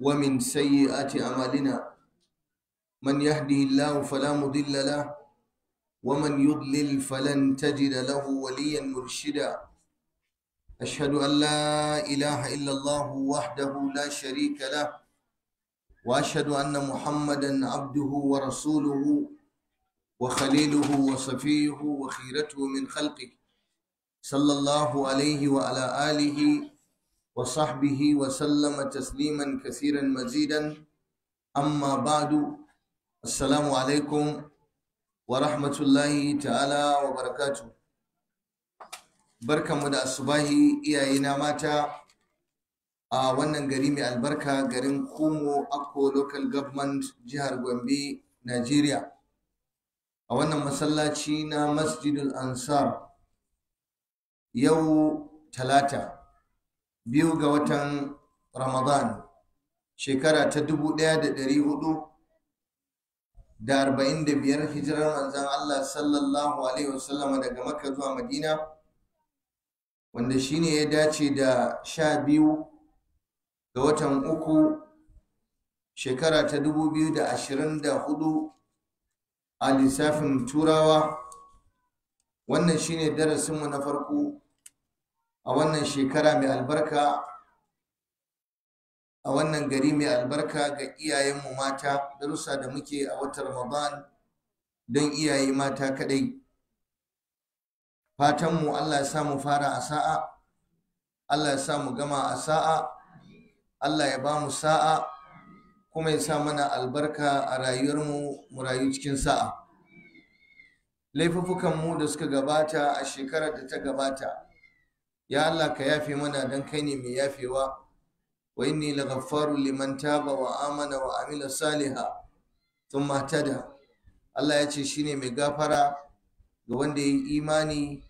ومن سيئات أعمالنا من يهده الله فلا مضل له ومن يضلل فلن تجد له وليا مرشدا أشهد أن لا إله إلا الله وحده لا شريك له وأشهد أن محمدا عبده ورسوله وخليله وصفيه وخيرته من خلقه صلى الله عليه وعلى آله وصحبه وسلم تسليما كثيرا مزيدا أما بعد السلام عليكم ورحمة الله تعالى وبركاته Barka mu da asubahi iyayena mata a wannan gari mai albarka garin kumo akko local government jihar gombe Najeriya. a wannan masallaci na masjidul ansar yau talata biyu ga watan Ramadan shekara ta dubu ɗaya da dari hudu da arba'in da biyar hijirar manzan Allah sallallahu Alaihi wasallama daga Makka zuwa Madina wanda shine ya dace da sha biyu ga watan uku shekara ta dubu biyu da ashirin da hudu a lissafin turawa wannan shine darasinmu na farko a wannan shekara mai albarka a wannan gari mai albarka ga iyayenmu mata darussa da muke a watan ramadan don iyaye mata kadai fatanmu allah ya sa mu fara a sa'a allah ya sa mu gama a sa'a allah ya ba mu sa'a kuma ya sa mana albarka a rayuwarmu mu rayu cikin sa'a laifuffukanmu da suka gabata a shekarar da ta gabata ya Allah ka yafe mana don kai ne mai yafewa wa inni ghaffaru liman taba wa amana wa amila saliha thumma tada Allah ya ce shine mai gafara ga wanda ya yi imani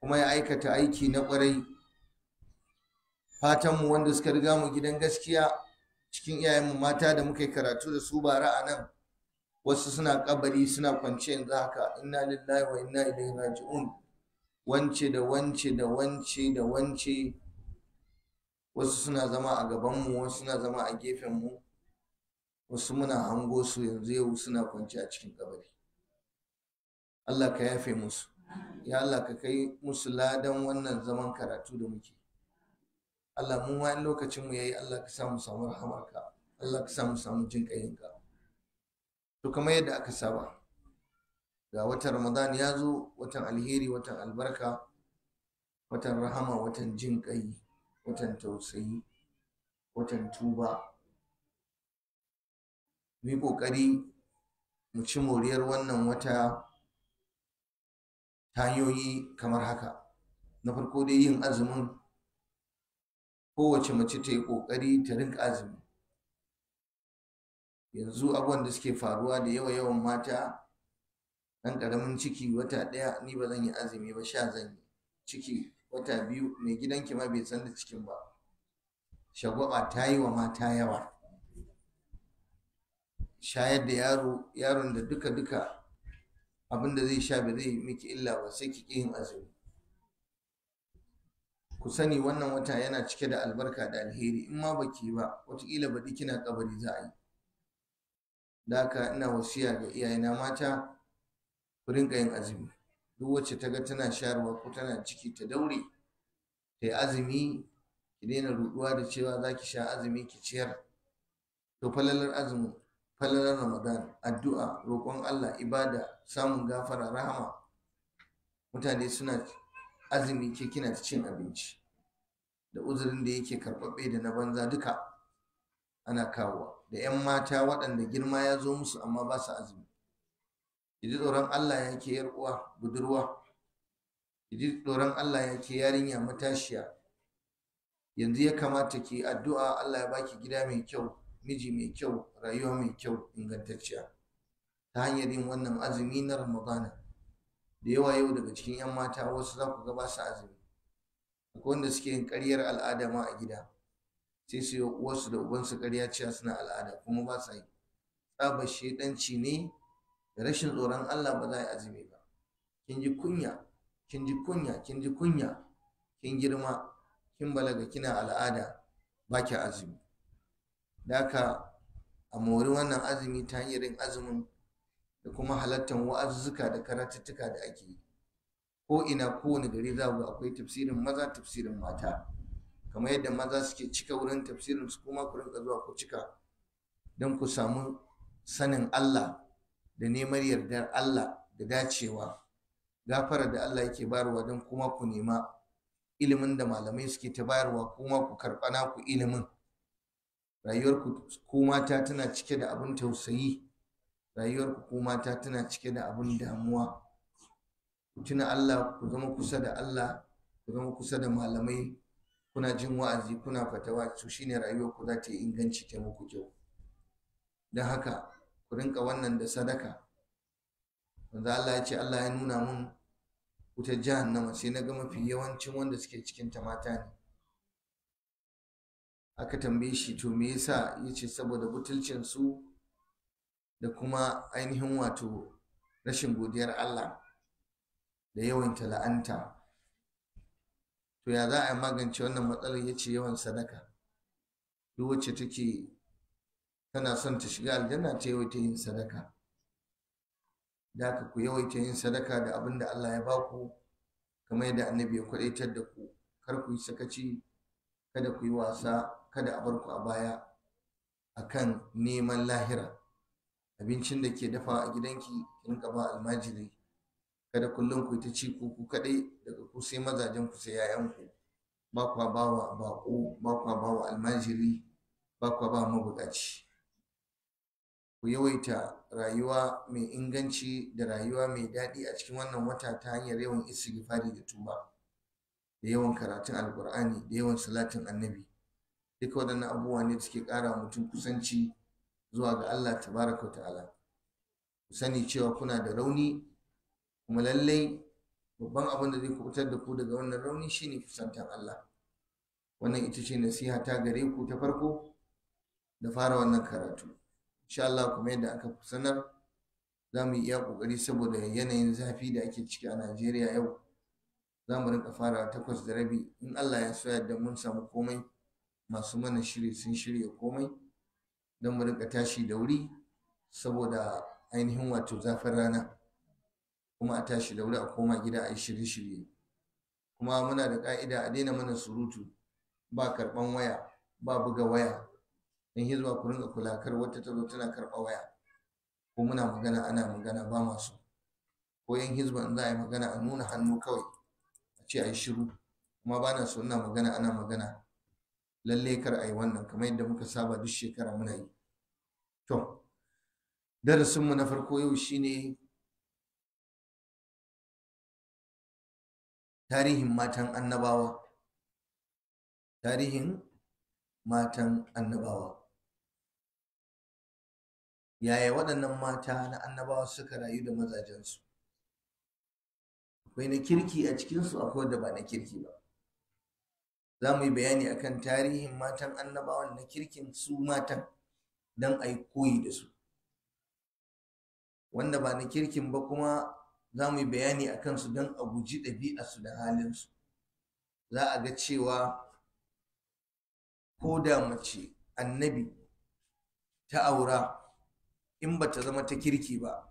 kuma ya aikata aiki na kwarai fatanmu wanda suka riga mu gidan gaskiya cikin mu mata da muka yi karatu da su bara a nan wasu suna kabari suna kwance yanzu haka inna lillahi wa inna ilaihi raji'un wance da wance da wance da wance wasu suna zama a gabanmu wasu suna zama a gefenmu wasu muna hango su yanzu yau suna kwanci a cikin kabari Allah ka yafe musu ya Allah ka kai musu ladan wannan zaman karatu da muke Allah mu ma lokacin mu yayi Allah ka sa mu samu rahamarka Allah ka sa mu samu jin kayinka to kamar yadda aka saba ga watan ramadan ya zo watan alheri watan albarka watan rahama watan jin kai watan tausayi watan tuba mu kokari ƙoƙari mu ci moriyar wannan wata hanyoyi kamar haka na farko dai yin azumin kowace mace ta yi ƙoƙari ta rinka azumi yanzu abubuwan da suke faruwa da yawa yawan mata ɗan ƙaramin ciki wata ɗaya ni ba zan yi azumi ba sha zan yi ciki wata biyu mai gidanki ma bai san da cikin ba shagwaba ta yi wa mata yawa shayar da yaro yaron da duka duka abin da zai sha ba zai miki illa ba sai ki yin azumi ku sani wannan wata yana cike da albarka da alheri in ma baki ba watakila baɗi kina kabari za a yi da haka ina wasiya ga iyayena mata ku rinka yin azumi duk wacce ta ga tana shayarwa ko tana ciki ta daure ta yi azumi ki daina ruɗuwa da cewa za ki sha azumi ki ciyar to falalar azumi falalar ramadan addu'a roƙon allah ibada samun gafara rahama mutane suna azumi ke kina cin abinci da uzurin da yake karɓaɓɓe da na banza duka ana kawowa da 'yan mata waɗanda girma ya zo musu amma ba su azumi Iji tsoron Allah ya ke yar uwa budurwa Iji tsoron Allah ya ke yarinya matashiya yanzu ya kamata ki addu'a Allah ya baki gida mai kyau miji mai kyau rayuwa mai kyau ingantacciya ta hanyar yin wannan azumi na ramadana da yawa yau daga cikin 'yan mata wasu za ku gaba su azumi akwai wanda suke yin karyar al'ada ma a gida sai su yi uwarsu da ubansu karya cewa suna al'ada kuma ba sa yi tsabar ɗanci ne da rashin tsoron Allah ba za a yi azumi ba kin ji kunya kin ji kunya kin ji kunya kin girma kin balaga kina al'ada ba ki azumi daka a mori wannan azumi ta hanyar azumin da kuma halattar wa'azuzzuka da karatuttuka da ake yi ko ina kowane gari za ga akwai tafsirin maza tafsirin mata kamar yadda maza suke cika wurin tafsirin su kuma ku rinka zuwa ku cika don ku samu sanin Allah da neman yardar Allah da dacewa gafara da Allah yake bayarwa don kuma ku nema ilimin da malamai suke ta bayarwa kuma ku karɓa naku ilimin rayuwarku ku ta tana cike da abin tausayi rayuwarku ku ta tana cike da abin damuwa ku tuna Allah ku zama kusa da Allah ku zama kusa da malamai kuna jin wa'azi kuna fatawa to shine rayuwarku za ta yi inganci ta muku kyau don haka ku rinka wannan da sadaka wanda Allah ya ce Allah ya nuna mun wutar jahannama sai na ga mafi yawancin wanda suke cikin ta mata ne aka tambaye shi to me yasa yace saboda butulcin su da kuma ainihin wato rashin godiyar Allah da yawan tala'anta to ya za a magance wannan matsalar yace yawan sadaka duk wacce take tana son ta shiga aljanna ta yawaita yin sadaka da ka ku yawaita yin sadaka da abin da Allah ya baku kamar yadda annabi ya kwadaitar da ku kar ku yi sakaci kada ku yi wasa kada a bar ku a baya A kan neman lahira abincin da ke dafa a gidanki in ka ba almajiri kada kullum ku yi ta ci ku kadai daga ku sai mazajen ku sai yayanku ba kwa ba wa baƙo ba kwa ba wa almajiri ba kwa ba mabukaci ku yawaita rayuwa mai inganci da rayuwa mai daɗi a cikin wannan wata ta hanyar yawan istighfari da tuba da yawan karatun alkur'ani da yawan salatin annabi duka waɗannan abubuwa ne da suke ƙara mutum kusanci zuwa ga Allah tabaraka ta'ala ku sani cewa kuna da rauni kuma lallai babban abin da zai kubutar da ku daga wannan rauni shine kusantar Allah wannan ita ce nasiha ta gare ku ta farko da fara wannan karatu insha Allah kuma yadda aka sanar za mu iya kokari saboda yanayin zafi da ake ciki a Najeriya yau za mu rinka fara takwas da rabi in Allah ya so yadda mun samu komai masu mana shiri sun shirya komai don mu rinka tashi da wuri saboda ainihin wato zafin rana kuma a tashi da wuri a koma gida a yi shirye-shirye kuma muna da ƙa'ida a daina mana surutu ba karɓan waya ba buga waya in hizba ku ringa kula kar wata ta zo tana karɓa waya ko muna magana ana magana ba masu ko yan hizba in za a yi magana a nuna hannu kawai a ce a yi shiru kuma ba na so ina magana ana magana lalle kar a yi wannan kamar yadda muka saba duk shekara muna yi to darasinmu na farko yau shine tarihin matan annabawa tarihin matan annabawa yaya waɗannan mata na annabawa suka rayu da mazajensu akwai na kirki a cikinsu akwai da ba na kirki ba za mu yi bayani akan tarihin matan annabawa na kirkin su matan don a yi koyi da su wanda ba na kirkin ba kuma za mu yi bayani a kansu don a guji su da halinsu za a ga cewa ko da mace annabi ta aura in ba ta zama ta kirki ba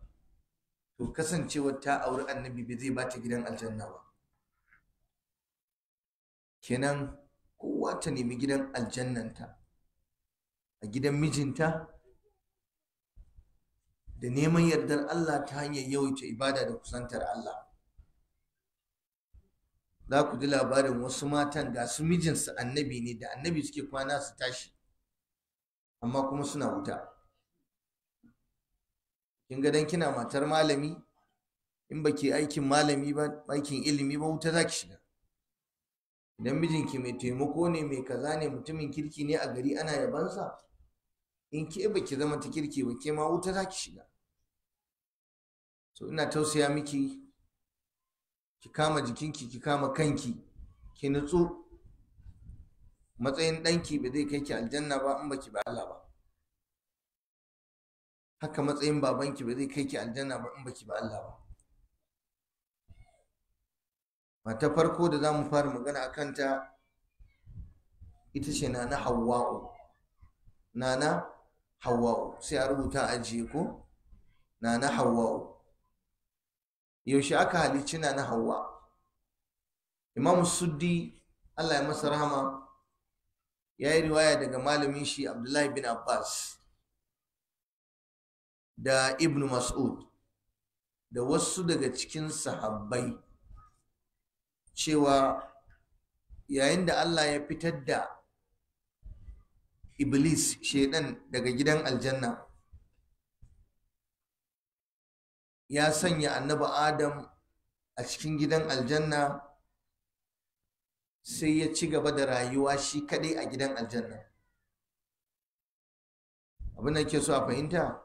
to kasancewar ta auri annabi bai zai bata gidan aljanna ba kenan kowa ta nemi gidan aljannanta a gidan mijinta da neman yardar Allah ta hanyar yawaita ibada da kusantar Allah za ku ji labarin wasu matan ga su mijinsu annabi ne da annabi suke kwana su tashi amma kuma suna wuta kin ga dan kina matar malami in ke aikin malami ba aikin ilimi ba wuta zaki shiga idan mijinki mai taimako ne mai kaza ne mutumin kirki ne a gari ana yabansa in ke ki zama ta kirki ba ke ma wuta zaki shiga so ina tausaya miki ki kama jikinki ki kama kanki ki nutsu matsayin danki ba zai kai ki aljanna ba in baki ba Allah ba haka matsayin babanki ba zai kai ki aljanna ba in baki ba Allah ba mata farko da za mu fara magana a kanta ita ce nana hawa'u nana hawa'u sai a rubuta ajiye ko nana hawa'u yaushe aka halicci nana hawa imam suddi allah ya masa rahama ya yi riwaya daga malamin shi abdullahi bin abbas da ibn mas'ud da wasu daga cikin sahabbai cewa yayin da Allah ya fitar da iblis shedan daga gidan aljanna ya sanya annabi adam a cikin gidan aljanna sai ya ci gaba da rayuwa shi kadai a gidan aljanna abin da ke so a fahimta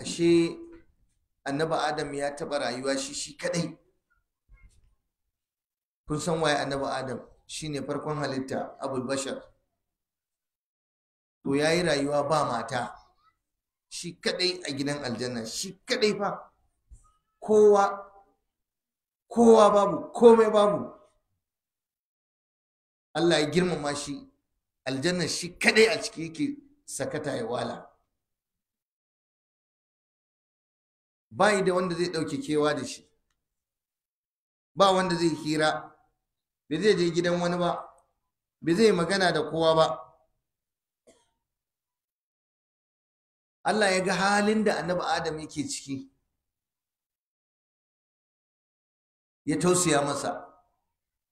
ashe annabi adam ya taɓa rayuwa shi shi kaɗai kun san waye annabi adam shine farkon halitta abul bashar to ya yi rayuwa ba mata shi kaɗai a gidan aljanna shi kaɗai fa kowa kowa babu komai babu Allah ya girmama shi aljanna shi kaɗai a ciki yake sakata ya wala bayi da wanda zai ɗauke kewa da shi ba wanda zai hira ba zai je gidan wani ba ba zai magana da kowa ba Allah ya ga halin da annabi Adam yake ciki ya tausaya masa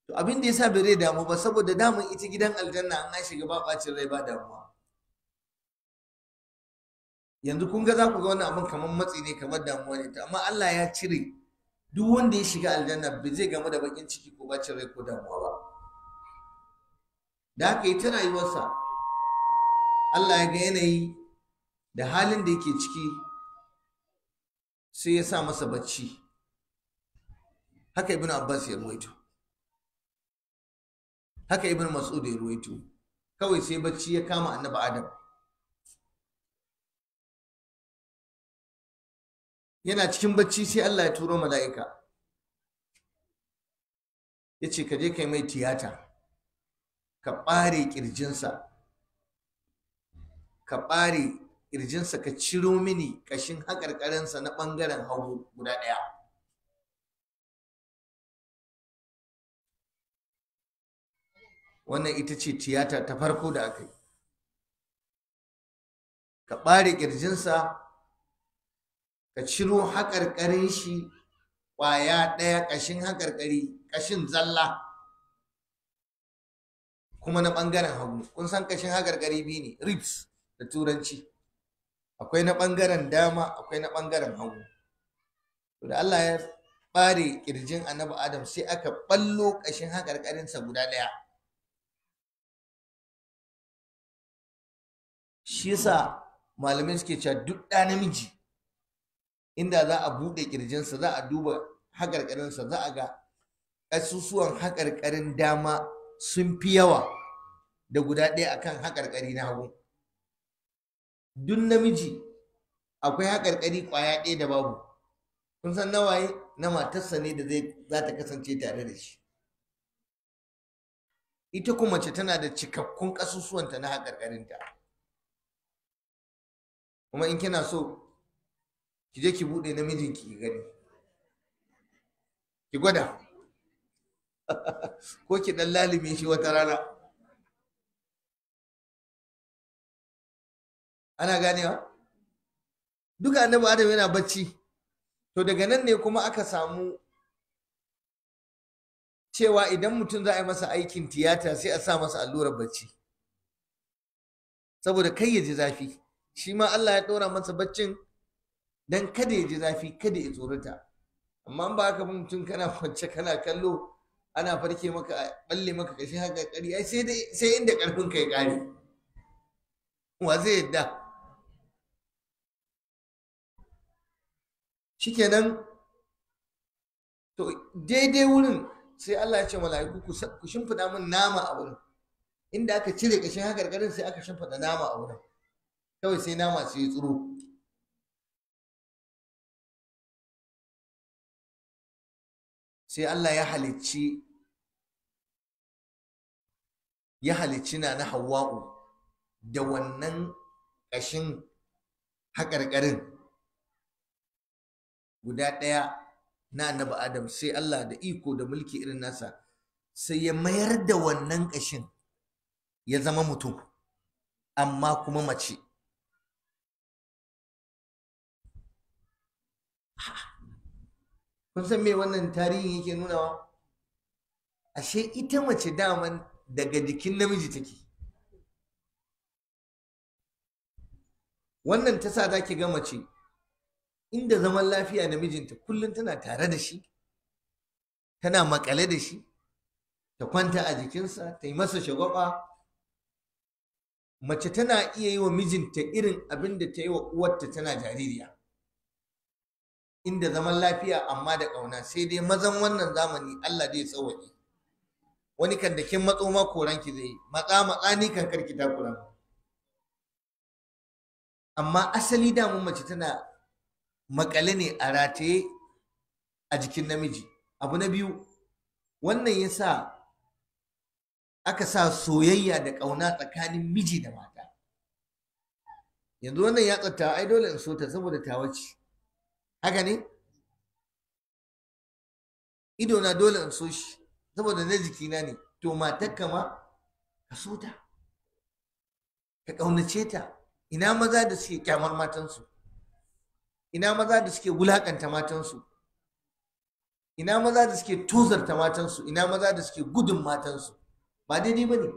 to abin da yasa bai damu ba saboda damun ita gidan aljanna an shiga ba bacin rai ba damuwa yanzu kun ga za ku ga wani abin kamar matsi ne kamar damuwa ne amma Allah ya cire duk wanda ya shiga aljanna bai zai gamu da bakin ciki ko bacin rai ko damuwa ba da haka yi rayuwarsa Allah ya ga yanayi da halin da yake ciki sai ya sa masa bacci haka ibn Abbas ya ruwaito haka ibn Mas'ud ya ruwaito kawai sai bacci ya kama annabi Adam yana cikin bacci sai Allah ya turo mala'ika ya ce ka kai mai tiyata ka ɓare ƙirjinsa ka ɓare ƙirjinsa ka ciro mini ƙashin haƙarƙarinsa na ɓangaren hagu guda ɗaya wannan ita ce tiyata ta farko da aka yi ka ɓare ƙirjinsa ka ciro haƙarƙarin shi ƙwaya ɗaya ƙashin haƙarƙari ƙashin zalla kuma na ɓangaren hagu kun san ƙashin haƙarƙari biyu ne ribs da turanci akwai na ɓangaren dama akwai na ɓangaren hagu da Allah ya ɓare ƙirjin annabi adam sai aka ɓallo ƙashin haƙarƙarinsa guda ɗaya shi yasa malamai suke cewa duk ɗa namiji inda za a buɗe ƙirjinsa za a duba haƙarƙarinsa za a ga ƙasusuwan haƙarƙarin dama sun fi yawa da guda ɗaya akan haƙarƙari na hagu duk namiji akwai haƙarƙari ƙwaya ɗaya da babu kun san nawaye na matarsa ne da zai za ta kasance tare da shi ita kuma mace tana da cikakkun ƙasusuwanta na haƙarƙarinta kuma in kina so ki je ki buɗe namijin ki gani ki gwada ko ki ɗan lalime shi wata rana ana ganewa duka annabi adam yana bacci to daga nan ne kuma aka samu cewa idan mutum za a yi masa aikin tiyata sai a sa masa allurar bacci saboda kai ya ji zafi shi ma Allah ya ɗora masa baccin dan kada ya ji zafi kada ya tsorata amma ba haka mutum kana kwance kana kallo ana farke maka balle maka kashi haka kari ai sai dai sai inda karfin ya kare wa zai yadda shikenan to daidai wurin sai Allah ya ce mala'iku ku shimfida min nama a wurin inda aka cire kashin garin sai aka shimfida nama a wurin kawai sai nama sai tsuro sai Allah ya halicci ya halicci na na hawa'u da wannan ƙashin haƙarƙarin guda ɗaya na annabi Adam sai Allah da iko da mulki irin nasa sai ya mayar da wannan ƙashin ya zama mutum amma kuma mace. kun san me wannan tarihin yake nunawa ashe ita mace daman daga jikin namiji take wannan ta sa za ki ga mace inda zaman lafiya na mijinta kullum tana tare da shi tana makale da shi ta kwanta a jikinsa ta yi masa shagwaba mace tana iya yi wa mijinta irin abinda da ta yi wa uwarta tana jaririya inda zaman lafiya amma da ƙauna sai dai mazan wannan zamani Allah zai tsawaye wani kan da kin matso ma ki zai yi matsa matsa ni kan karki ta kuran amma asali da mun mace tana makale ne a rataye a jikin namiji abu na biyu wannan yasa aka sa soyayya da ƙauna tsakanin miji da mata yanzu wannan ya tsatta ai dole in so ta saboda ta wace haka ne ido na dole in so shi saboda na jikina ne to matakka kama ka so ta ka ƙaunace ta ina maza da suke kyamar matansu ina maza da suke wulakanta matansu ina maza da suke tozarta matansu ina maza da suke gudun matansu ba daidai ba ne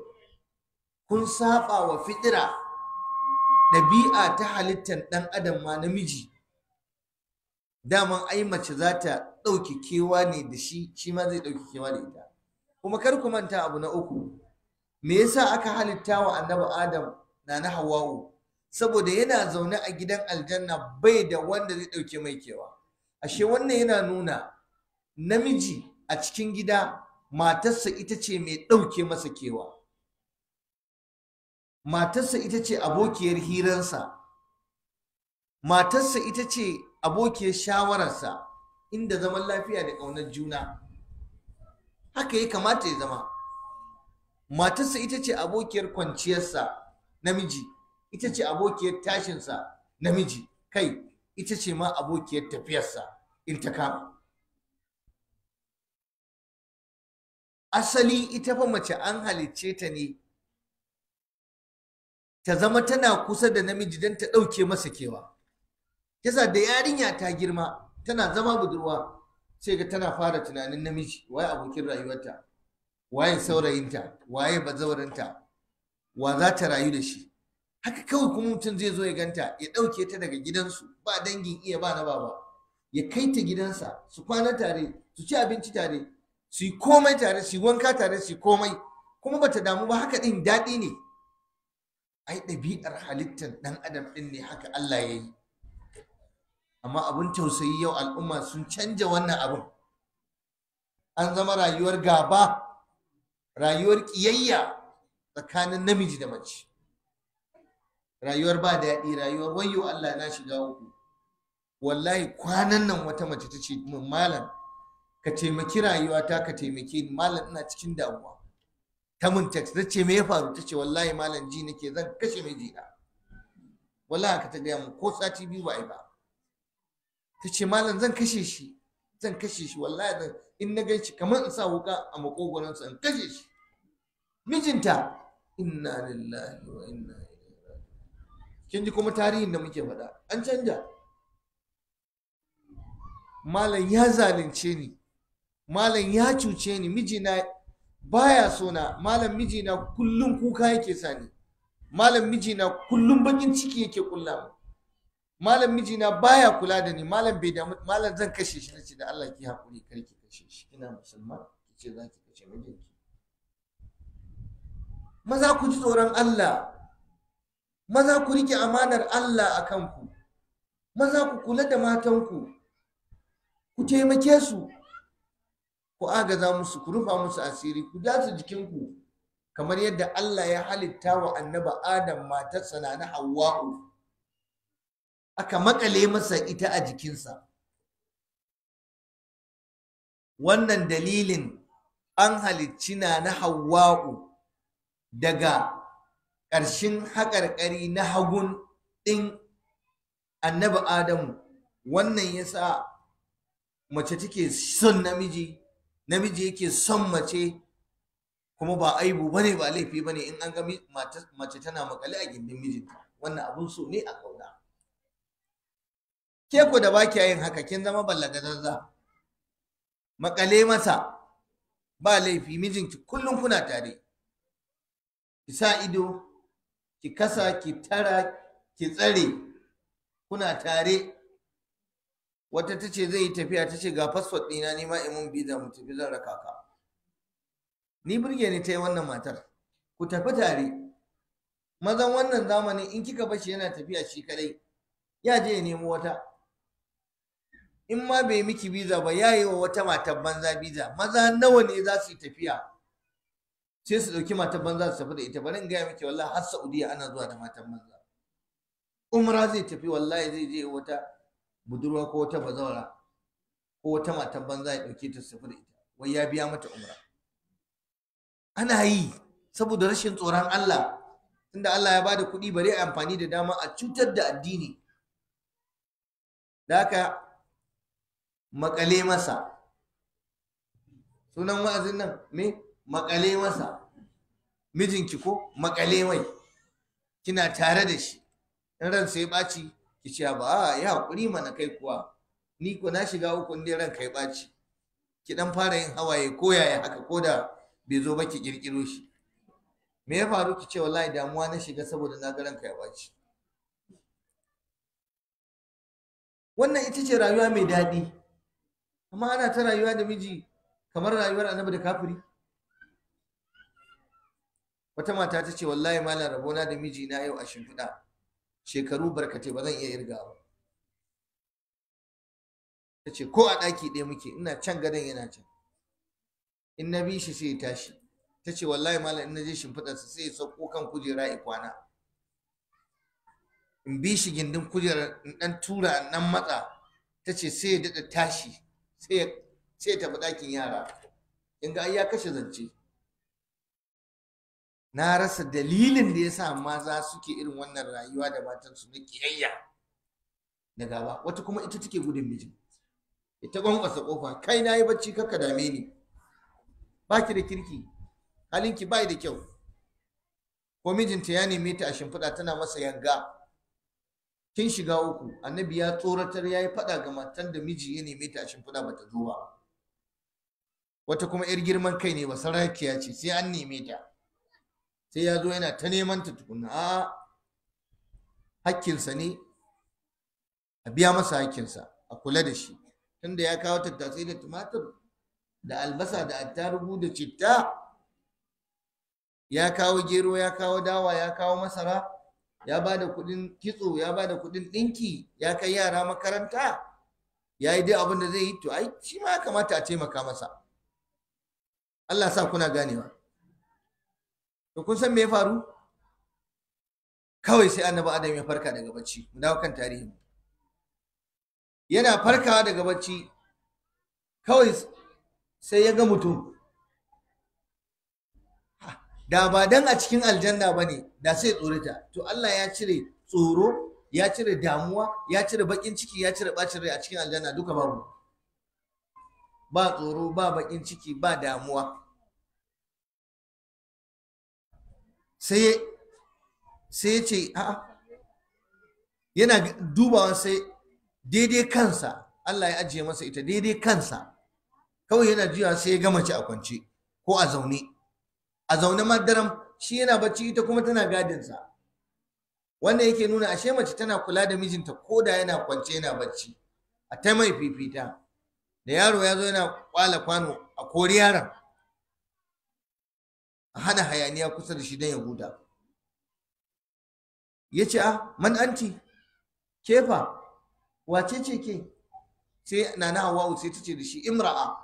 kun saba wa fitira ɗabi'a ta halittar ɗan adam ma namiji daman ai mace za ta ɗauki kewa ne da shi shi ma zai ɗauki kewa da ita kuma kar ku manta abu na uku me yasa aka halitta wa annabi adam na na hawa'u saboda yana zaune a gidan aljanna bai da wanda zai ɗauke mai kewa ashe wannan yana nuna namiji a cikin gida matarsa ita ce mai ɗauke masa kewa matarsa ita ce abokiyar hiransa matarsa ita ce abokiyar shawararsa inda zaman lafiya da ƙaunar juna haka ya kamata ya zama matarsa ita ce abokiyar kwanciyarsa namiji ita ce abokiyar tashinsa namiji kai ita ce ma abokiyar tafiyarsa in ta kama asali ita fa mace an halicce ta ne ta zama tana kusa da namiji don ta ɗauke masa kewa yasa da yarinya ta girma tana zama budurwa sai ga tana fara tunanin namiji waye abokin rayuwarta waye saurayinta waye bazawarinta wa za ta rayu da shi haka kawai kuma mutum zai zo ya ganta ya ɗauke ta daga gidansu ba dangin iya ba na baba ya kai ta gidansa su kwana tare su ci abinci tare su yi komai tare su yi wanka tare su yi komai kuma ba ta damu ba haka ɗin daɗi ne ai ɗabi'ar halittar ɗan adam ɗin ne haka Allah ya yi amma abin tausayi yau al'umma sun canja wannan abin an zama rayuwar gaba rayuwar ƙiyayya tsakanin namiji da mace rayuwar ba daɗi rayuwar wayo Allah na shiga uku wallahi kwanan nan wata mace ta ce min malam ka taimaki rayuwata ka taimaki ni malam ina cikin damuwa ta mun text ta ce me ya faru ta ce wallahi malam ji nake zan kashe mijina wallahi ka ta gaya mu ko sati biyu ba ai ba ta ce malam zan kashe shi zan kashe shi wallahi zan in na gan shi kamar in sa wuka a sa in kashe shi mijinta inna lillahi wa inna ilaihi kin ji kuma tarihin da muke faɗa an canja malam ya zalunce ni malam ya cuce ni mijina baya so na malam mijina kullum kuka yake sani malam mijina kullum bakin ciki yake kulla malam mijina baya kula da ni malam bai damu malam zan kashe shi nace da Allah ki hakuri kar ki kashe shi kina musulma kice za ki kashe mijinki maza ku ji tsoron Allah maza ku rike amanar Allah a ku. maza ku kula da matanku ku taimake su ku agaza musu ku rufa musu asiri ku dace jikinku kamar yadda Allah ya halitta wa annaba Adam matarsa na Hawwa'u aka makale masa ita a jikinsa wannan dalilin an halicci na na hawa'u daga ƙarshen haƙarƙari na hagun ɗin annabi adamu wannan ya sa mace take son namiji namiji yake son mace kuma ba aibu ba ne ba laifi ba ne in an ga mace tana makale a gindin mijinta wannan abun so ne a ke ku da baki yin haka kin zama ballagadazza makale masa ba laifi mijinki kullum kuna tare ki sa ido ki kasa ki tara ki tsare kuna tare wata ta ce zai yi tafiya ta ce ga fasfot ɗina nima imun biza mu tafi zan raka ka ni burge ni ta yi wannan matar ku tafi tare mazan wannan zamanin in kika bashi yana tafiya shi kadai ya je ya nemo wata in ma bai miki biza ba ya yi wa wata matan banza biza maza nawa ne za su yi tafiya sai su ɗauki matan banza su tafi da ita bari in gaya miki wallahi har Saudiya ana zuwa da matan banza umra zai tafi wallahi zai je wata budurwa ko wata bazawara ko wata matan banza ya ɗauke ta su tafi da ita wai ya biya mata umra ana yi saboda rashin tsoron Allah tunda Allah ya bada kuɗi bari a amfani da dama a cutar da addini da haka makale masa sunan wa'azin nan me makale masa mijinki ko makale mai kina tare da shi in ran sai baci ki ce ba ya hakuri mana kai kuwa ni ko na shiga uku ne ran kai baci ki dan fara yin hawaye ko yaya haka ko da bai zo ba ki kirkiro shi me ya faru ki ce wallahi damuwa na shiga saboda na ga ran kai baci wannan ita ce rayuwa mai daɗi amma ana ta rayuwa da miji kamar rayuwar annabi da kafiri wata mata ta ce wallahi malam rabona da miji na yau a shimfiɗa shekaru barkatai ba zan iya irga ba ta ce ko a ɗaki ɗaya muke ina can gadon yana can in na bi shi sai tashi ta ce wallahi malam in na je shimfiɗa su sai ya sauko kan kujera ya kwana in bi shi gindin kujerar in ɗan tura in ɗan matsa ta ce sai ya daɗa tashi sai ya tafi ɗakin yara in ga ya kashe zance na rasa dalilin da ya sa maza suke irin wannan rayuwa da matansu na kiyayya da gaba wata kuma ita take gudun mijin ita gwamfasa kofa kai na yi bacci kakka dame ni ba ki da kirki halinki bai da kyau ko mijinta ya neme ta a shimfiɗa tana masa yanga kin shiga uku annabi ya tsoratar ya yi faɗa ga matan da miji ya neme ta shimfiɗa bata zo ba wata kuma yar girman kai ne ba sarakiya ce sai an neme ta sai ya zo yana ta neman ta tukuna a hakkinsa ne a biya masa hakkinsa a kula da shi tunda ya kawo tattasai da tumatir da albasa da attarugu da citta ya kawo gero ya kawo dawa ya kawo masara ya ba da kuɗin kitso ya ba da kuɗin ɗinki ya kai yara makaranta ya yi dai abin da zai yi to ai shi ma kamata a taimaka masa Allah sa kuna ganewa to kun san me ya faru kawai sai annabi adam ya farka daga bacci mu dawo kan tarihi yana farkawa daga bacci kawai sai ya ga mutum da ba dan a cikin aljanna ba ne da sai tsorata to Allah ya cire tsoro ya cire damuwa ya cire bakin ciki ya cire bacin rai a cikin aljanna duka babu ba tsoro ba bakin ciki ba damuwa sai sai ya ce a yana dubawa sai daidai kansa Allah ya ajiye masa ita daidai kansa kawai yana jiya sai ya gama ci a kwance ko a zaune a zaune madaram shi yana bacci ita kuma tana gadin sa wannan yake nuna ashe mace tana kula da mijinta ko da yana kwance yana bacci a ta mai fifita da yaro ya zo yana kwala kwano a kori yaron a hana hayaniya kusa da shi don ya ya ce a ah, man anti kefa wace ce ke sai nana hawa'u sai ta ce da shi imra'a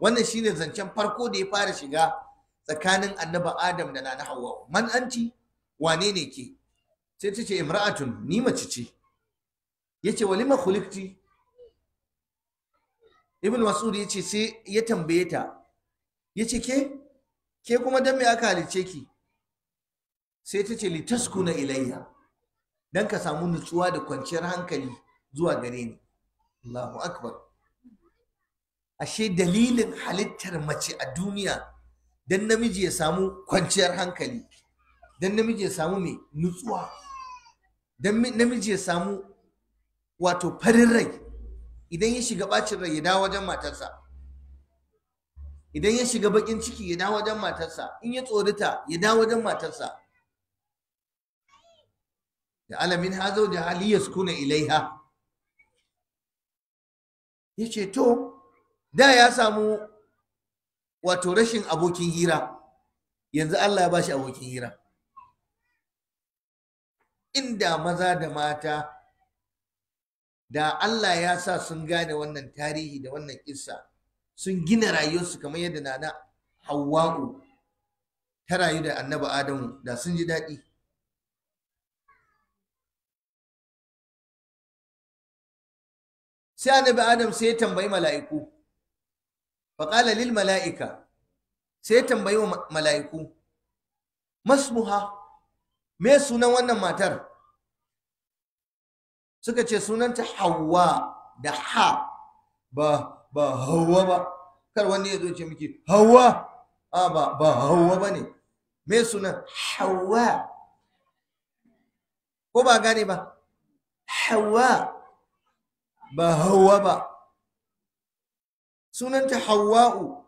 wannan shine zancen farko da ya fara shiga tsakanin annaba adam da nana hawa man anti wane ne ke sai ta ce imra'atun ni mace ce yace walima khuliqti ibn mas'ud yace sai ya tambaye ta yace ke ke kuma dan me aka halice ki sai ta ce litaskuna ilayya dan ka samu nutsuwa da kwanciyar hankali zuwa gare ni Allahu akbar ashe dalilin halittar mace a duniya dan namiji ya samu kwanciyar hankali dan namiji ya samu mai nutsuwa dan namiji ya samu wato farin rai idan ya shiga bacin rai ya dawo wajen matarsa idan ya shiga bakin ciki ya dawo wajen matarsa in ya tsorita ya dawo wajen matarsa da alamin hazo da hali ya sukuna ilaiha ya ce to da ya samu wato rashin abokin hira yanzu Allah ya bashi abokin hira inda maza da mata da Allah ya sa sun gane wannan tarihi da wannan kissa sun gina rayuwarsu kamar yadda nana Hawwa'u ta rayu da annabi Adamu da sun ji daɗi sai annabi Adam sai ya tambayi mala'iku faƙala lil mala'ika sai tambayi wa mala'iku masmuha me sunan wannan matar suka ce sunanta hawa da ha ba ba ba kar wani ya zo ce miki hawa a ba ba ba ne me sunan hawa ko ba gane ba hawa ba hawa ba sunanta hawa'u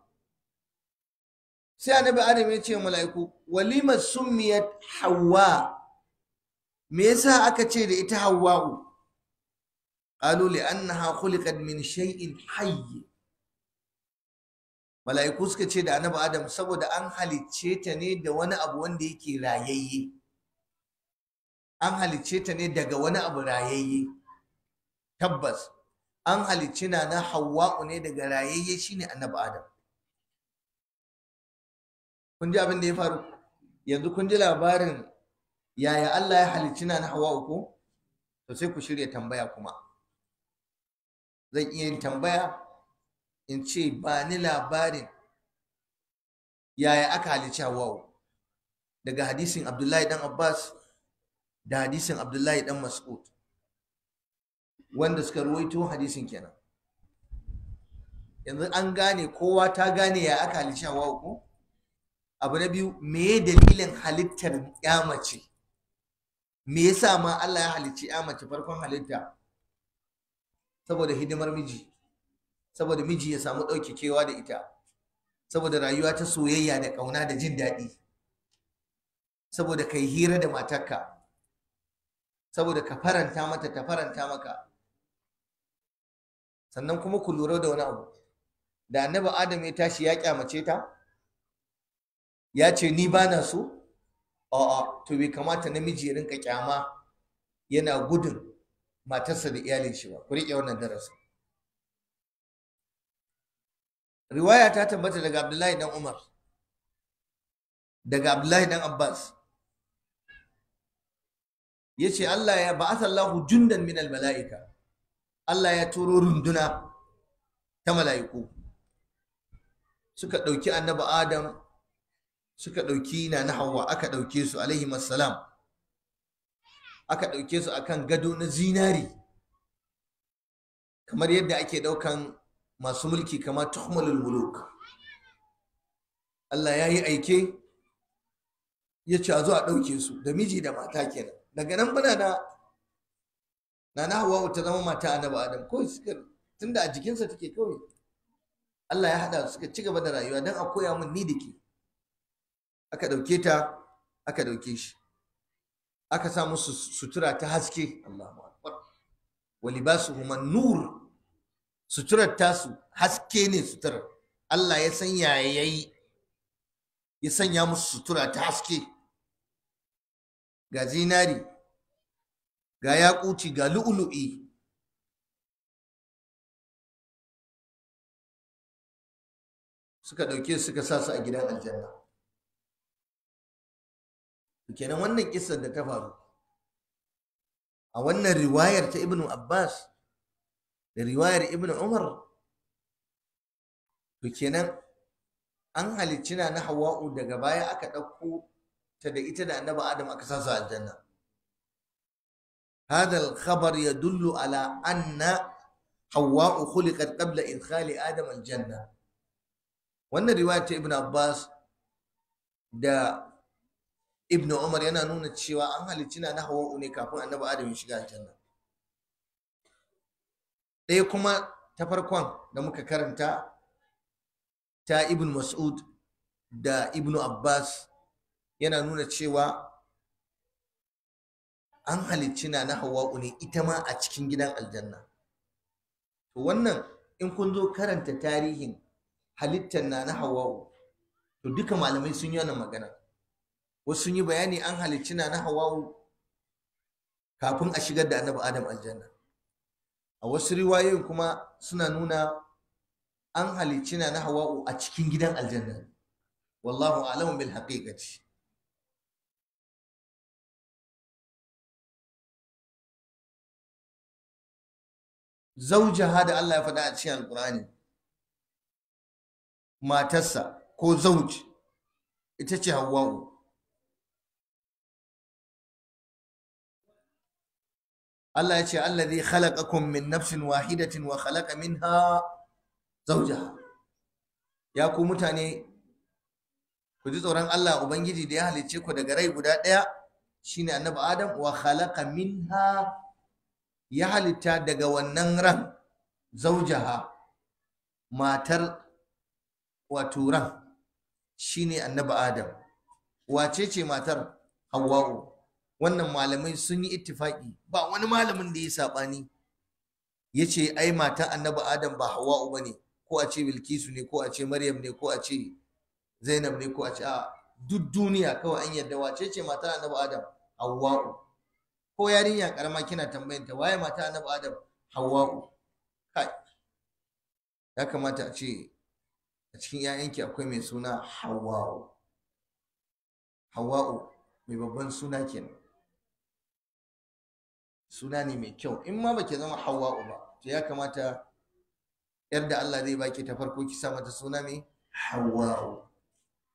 sai annabi adam ya ce mala'iku Walima summiyat hawa me yasa aka ce da ita hawa'u qalu li annaha khuliqat min shay'in hayy mala'iku suka ce da annabi adam saboda an halicce ta ne da wani abu wanda yake rayayye an halicce ta ne daga wani abu rayayye tabbas an halicci na na hawa'u ne daga rayayye shine annabi adam kun ji abin da ya faru yanzu kun ji labarin yaya Allah ya halicci na na hawa'u ko to sai ku shirya tambaya kuma zan iya yin tambaya in ce ba ni labarin yaya aka halicci hawa'u daga hadisin Abdullahi dan Abbas da hadisin Abdullahi dan Mas'ud wanda suka ruwaito hadisin kenan yanzu an gane kowa ta gane ya aka halisha wa ko abu na biyu me dalilin halittar ya mace me yasa ma Allah ya halicci ya mace farkon halitta saboda hidimar miji saboda miji ya samu ɗauke kewa da ita saboda rayuwa ta soyayya da ƙauna da jin daɗi saboda kai hira da matarka saboda ka faranta mata ta faranta maka sannan kuma ku lura da wani abu da annabi adam ya tashi ya kyamace ta ya ce ni ba na so a'a to bai kamata namiji ya rinka kyama yana gudun matarsa da iyalin shi ba ku riƙe wannan darasin riwaya ta tabbata daga abdullahi dan umar daga abdullahi dan abbas ya ce allah ya ba'atha allahu jundan min al mala'ika Allah ya turo runduna ta mala'iku suka ɗauki annabi Adam suka ɗauki na na Hawwa aka ɗauke su alaihi salam aka ɗauke su akan gado na zinari kamar yadda ake ɗaukan masu mulki kamar tuhmalul muluk Allah ya yi aike ya ce a zo a ɗauke su da miji da mata kenan daga nan muna na. nana hawa ta zama mata annabi adam ko suka tunda a jikinsa take kawai Allah ya hada suka ci gaba da rayuwa dan a koya mun ni dake aka dauke ta aka dauke shi aka sa musu sutura ta haske Allahu akbar wa libasuhum nur suturar tasu haske ne suturar Allah ya san yayayi. ya sanya musu sutura ta haske ga zinari ga yakuci ga lu'ulu'i suka ɗauke suka sa su a gidan aljanna kenan wannan kissar da ta faru a wannan riwayar ta ibnu abbas da riwayar ibnu umar to kenan an halicci na na hawa'u daga baya aka ɗauko ta da ita da annabi adam aka sa su aljanna هذا الخبر يدل على أن حواء خلقت قبل إدخال آدم الجنة وأن رواية ابن عباس دا ابن عمر yana nuna cewa an halicci na Hawwa'u ne kafin annabi Adam ya shiga aljanna ɗaya kuma ta farkon da muka karanta ta ibn Mas'ud da ibn Abbas yana nuna cewa an halicci na na hawa'u ne ita ma a cikin gidan aljanna to wannan in kun zo karanta tarihin halittar na na hawa'u to duka malamai sun yi wannan magana wasu yi bayani an halicci na na hawa'u kafin a shigar da annabi adam aljanna a wasu riwayoyin kuma suna nuna an halicci na na hawa'u a cikin gidan aljanna wallahu alamu bil haqiqati zauja da Allah ya faɗa a cikin Alƙurani, matarsa ko zauj ita ce hawa'u Allah ya ce zai halaka min nafsin wahidatin wa min ha zauja ya ku mutane ku ji tsoron Allah ubangiji da ya halicce ku daga rai guda ɗaya shine annabi Adam wa khalaqa minha ya halitta daga wannan ran zaujaha matar wato ran shine annabi adam wace ce matar hawa'u wannan malamai sun yi ittifaki ba wani malamin da ya saɓani ya ce ai mata annabi adam ba hawa'u ba ne ko a ce bilkisu ne ko a ce maryam ne ko a ce zainab ne ko a ce a duk duniya kawai an yadda wace ce matar annabi adam hawa'u ko yarinya karama kina tambayar ta waye mata annabi adam hawwa'u kai ya kamata a ce a cikin 'ya'yanki akwai mai suna hawwa'u hawwa'u mai babban suna kenan suna ne mai kyau in ma baki zama hawwa'u ba to ya kamata yadda Allah zai baki ta farko ki sa mata suna mai hawwa'u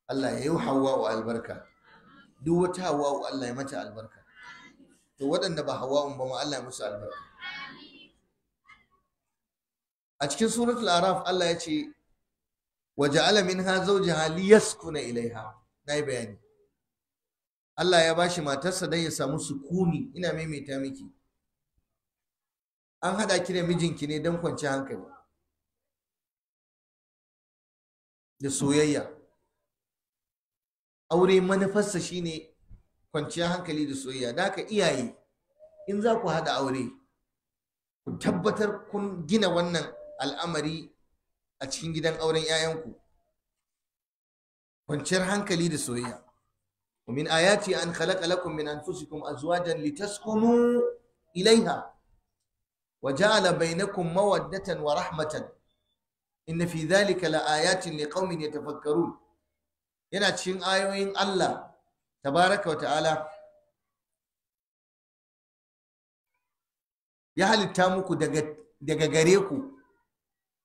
Allah ya yi hawwa'u albarka duk wata hawwa'u Allah ya mata albarka to waɗanda ba hawa'un ba ma Allah ya musu albarka a cikin suratul araf Allah ya ce wa ja'ala minha zawjaha liyaskuna ilaiha yi bayani Allah ya bashi matarsa dan ya samu sukuni ina maimaita miki an hada ki da mijinki ne don kwanci hankali da soyayya aure manufarsa shine kwanciyar hankali da soyayya da haka iyaye in za ku haɗa aure ku tabbatar kun gina wannan al'amari a cikin gidan auren 'ya'yanku kwanciyar hankali da soyayya ومن آياتي أن خلق لكم من أنفسكم أزواجا لتسكنوا إليها وجعل بينكم مودة ورحمة إن في ذلك لآيات لقوم يتفكرون yana cikin ayoyin Allah tabaraka wa ta'ala ya halitta muku daga gare ku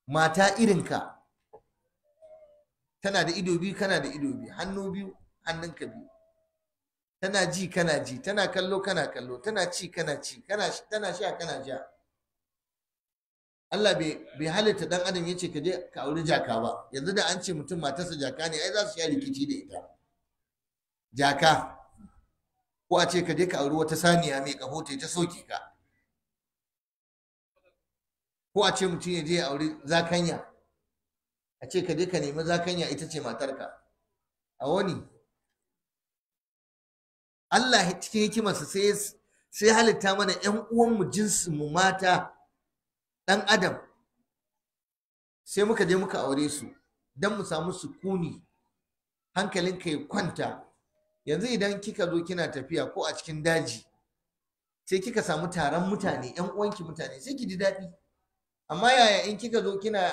mata irinka tana da ido biyu kana da ido biyu hannu biyu hannun ka biyu tana ji kana ji tana kallo kana kallo tana ci kana ci tana sha kana ja Allah bai halitta dan adam ya ce ka je ka auri jaka ba yanzu da an ce mutum matarsa jaka ne ai za su sha rikici da ita jaka ko a ce ka je ka auri wata saniya mai kaho ta soke ka ko a ce mutum ya je ya auri zakanya a ce ka je ka nemi zakanya ita ce matarka a wani Allah cikin hikimarsa sai sai halitta mana ‘yan uwanmu jinsin mu mata ɗan adam sai muka je muka aure su don mu samu sukuni hankalinka ya kwanta yanzu idan kika zo kina tafiya ko a cikin daji sai kika samu taron mutane yan uwanki mutane sai ki ji daɗi amma yaya in kika zo kina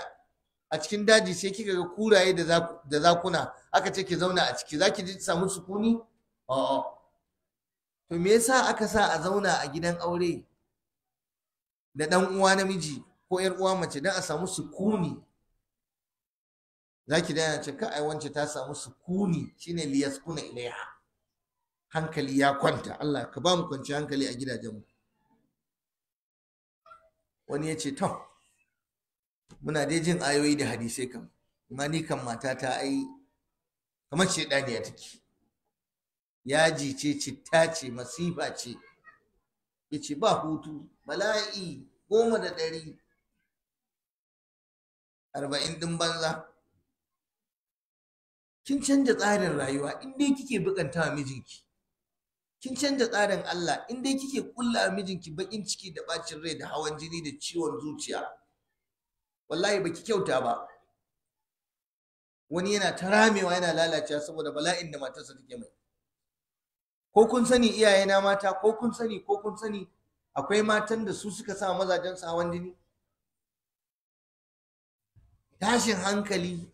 a cikin daji sai kika ga kuraye da zakuna aka ce ki zauna a ciki za ki ji samu sukuni oh. to me yasa aka sa a zauna a gidan aure da ɗan uwa namiji ko 'yar uwa mace don a samu sukuni za ki dana ce ka ai wance ta samu sukuni shine liyaskuna ilaiha hankali ya kwanta Allah ka ba mu kwanci hankali a gidajenmu wani ya ce to muna dai jin ayoyi da hadisai kan ni kan matata ai kamar ce ya take yaji ce citta ce masifa ce ya ba hutu bala'i goma da ɗari arba'in din banza kin canja tsarin rayuwa in dai kike bukanta mijinki kin canza tsarin Allah in dai kike kulla mijinki bakin ciki da bacin rai da hawan jini da ciwon zuciya wallahi baki kyauta ba wani yana ta ramewa yana lalacewa saboda bala'in da matarsa take mai ko kun sani iyayena mata ko kun sani ko kun sani akwai matan da su suka sa mazajen su hawan jini tashin hankali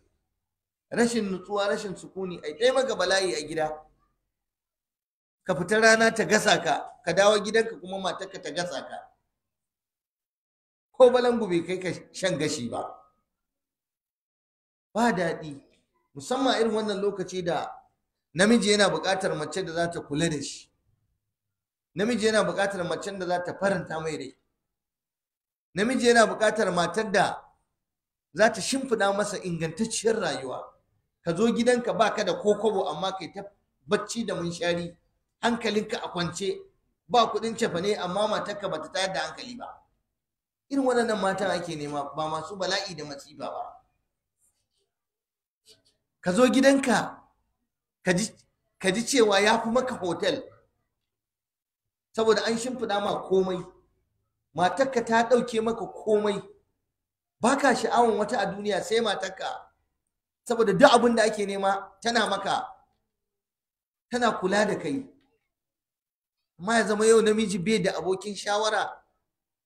rashin nutsuwa rashin sukuni ai dai maka bala'i a gida ka fita rana ta gasa ka ka dawo gidanka kuma matarka ta gasa ka ko balangu bai kai ka shan gashi ba ba daɗi musamman irin wannan lokaci da namiji yana buƙatar mace da za ta kula da shi namiji yana buƙatar mace da za ta faranta mai rai namiji yana buƙatar matar da za ta shimfiɗa masa ingantacciyar rayuwa ka zo gidanka ka da kokobo amma kai ta bacci da munshari hankalinka a kwance ba kuɗin cefa ne amma matarka ba ta tayar da hankali ba irin waɗannan matan ake nema ba masu bala'i da masifa ba ka zo gidanka ka ji cewa ya fi maka hotel saboda an shimfiɗa ma komai matarka ta ɗauke maka komai ba ka sha'awan wata a duniya sai matarka saboda duk abin da ake nema tana maka tana kula da kai ma ya zama yau namiji bai da abokin shawara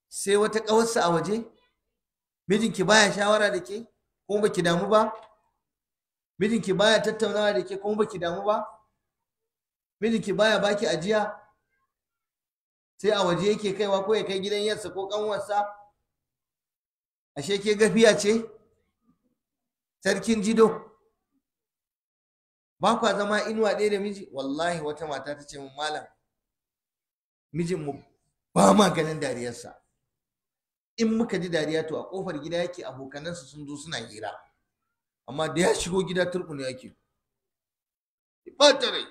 sai wata ƙawarsa a waje mijinki baya shawara da ke kuma baki damu ba mijinki baya tattaunawa da ke kuma baki damu ba mijinki baya baki ajiya sai a waje yake kaiwa ko ya kai gidan yarsa ko ƙanwarsa? ashe ke gafiya ce sarkin jido ba kwa zama inuwa ɗaya da miji wallahi wata mata ta ce mun malam mijinmu ba ma ganin dariyarsa in muka ji dariya to a kofar gida yake abokanansa sun zo suna hira amma da ya shigo gida turbune yake ba ta rai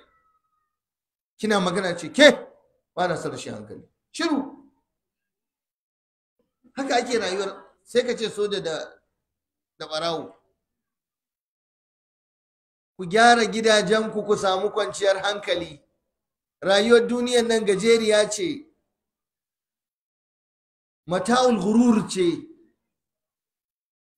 kina magana ce ke ba na son rashin hankali shiru haka ake rayuwar sai ka ce soja da da barawo ku gyara gidajenku ku samu kwanciyar hankali rayuwar duniyan nan gajeriya ce mata'ul gurur ce